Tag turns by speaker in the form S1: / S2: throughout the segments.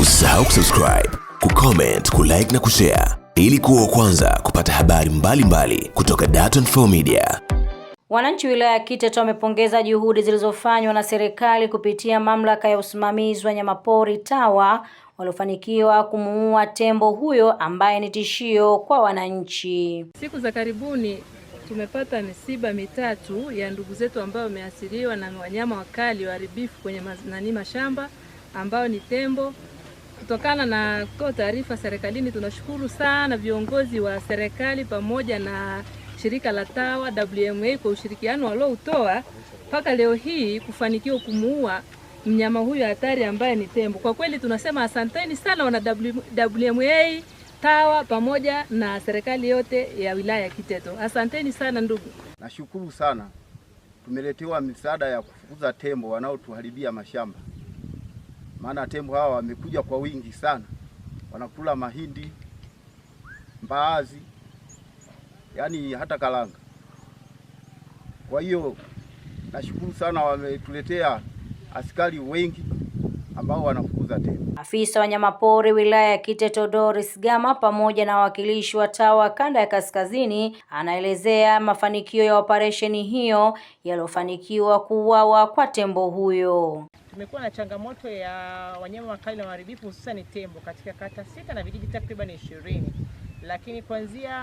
S1: Usisahau kusubscribe, kucomment, kulike na kushare ili kuwa kwanza kupata habari mbalimbali mbali kutoka Dar24 Media.
S2: Wananchi wilaya ya Kiteto wamepongeza juhudi zilizofanywa na serikali kupitia mamlaka ya usimamizi wa nyamapori TAWA waliofanikiwa kumuua tembo huyo ambaye ni tishio kwa wananchi.
S3: Siku za karibuni tumepata misiba mitatu ya ndugu zetu ambao wameathiriwa na wanyama wakali waharibifu kwenye nani mashamba ambao ni tembo kutokana na kutoa taarifa serikalini. Tunashukuru sana viongozi wa serikali pamoja na shirika la TAWA WMA kwa ushirikiano walioutoa mpaka leo hii kufanikiwa kumuua mnyama huyu hatari ambaye ni tembo. Kwa kweli tunasema asanteni sana wana WMA, TAWA pamoja na serikali yote ya wilaya ya Kiteto. Asanteni sana ndugu.
S4: Nashukuru sana, tumeletewa misaada ya kufukuza tembo wanaotuharibia mashamba maana tembo hawa wamekuja kwa wingi sana, wanakula mahindi, mbaazi, yaani hata karanga. Kwa hiyo nashukuru sana, wametuletea askari wengi ambao wanafukuza tembo.
S2: Afisa wanyamapori wilaya ya Kiteto Doris Gama pamoja na wawakilishi wa TAWA kanda ya kaskazini anaelezea mafanikio ya operesheni hiyo yaliyofanikiwa kuuawa kwa tembo huyo.
S3: Kumekuwa na changamoto ya wanyama wakali na waharibifu hususan tembo katika kata sita na vijiji takriban ishirini, lakini kuanzia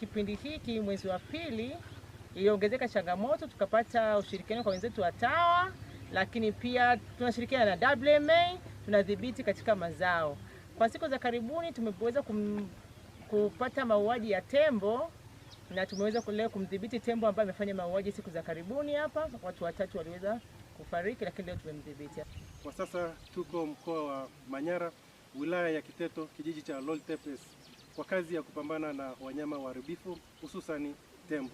S3: kipindi hiki mwezi wa pili iliongezeka changamoto, tukapata ushirikiano kwa wenzetu wa TAWA, lakini pia tunashirikiana na WMA, tunadhibiti katika mazao. Kwa siku za karibuni tumeweza kum, kupata mauaji ya tembo na tumeweza leo kumdhibiti tembo ambaye amefanya mauaji siku za karibuni hapa, watu watatu waliweza kufariki, lakini leo tumemdhibiti.
S5: Kwa sasa tuko mkoa wa Manyara, wilaya ya Kiteto, kijiji cha Loltepes, kwa kazi ya kupambana na wanyama waharibifu hususani tembo.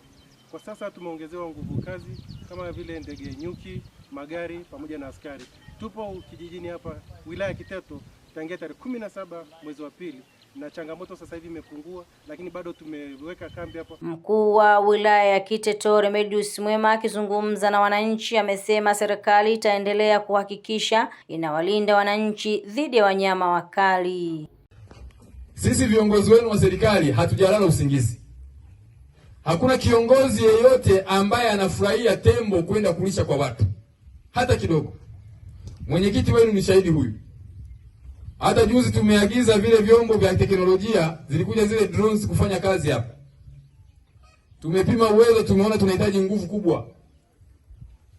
S5: Kwa sasa tumeongezewa nguvu kazi kama vile ndege nyuki, magari pamoja na askari. Tupo kijijini hapa wilaya ya Kiteto tangia tarehe 17 mwezi wa pili na changamoto sasa hivi imepungua, lakini bado tumeweka kambi hapa.
S2: Mkuu wa wilaya ya Kiteto Remedius Mwema akizungumza na wananchi amesema serikali itaendelea kuhakikisha inawalinda wananchi dhidi ya wanyama wakali.
S6: Sisi viongozi wenu wa serikali hatujalala usingizi. Hakuna kiongozi yeyote ambaye anafurahia tembo kwenda kulisha kwa watu hata kidogo. Mwenyekiti wenu ni shahidi huyu. Hata juzi tumeagiza vile vyombo vya teknolojia, zilikuja zile drones kufanya kazi hapa. Tumepima uwezo, tumeona tunahitaji nguvu kubwa.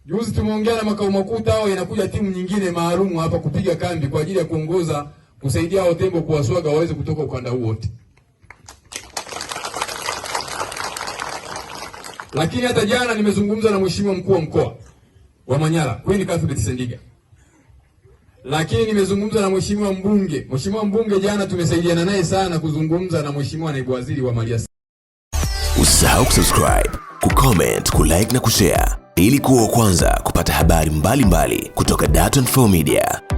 S6: Juzi tumeongea na makao makuu tao, inakuja timu nyingine maalumu hapa kupiga kambi kwa ajili ya kuongoza, kusaidia hao tembo kuwaswaga waweze kutoka ukanda huu wote. Lakini hata jana nimezungumza na mheshimiwa mkuu wa mkoa wa Manyara, Queen Cuthbert Sendiga lakini nimezungumza na mheshimiwa mbunge. Mheshimiwa mbunge jana tumesaidiana naye sana kuzungumza na mheshimiwa naibu waziri wa maliasili. Usisahau kusubscribe, kucomment, kulike na kushare ili kuwa wa kwanza kupata habari mbalimbali mbali kutoka Dar24 Media.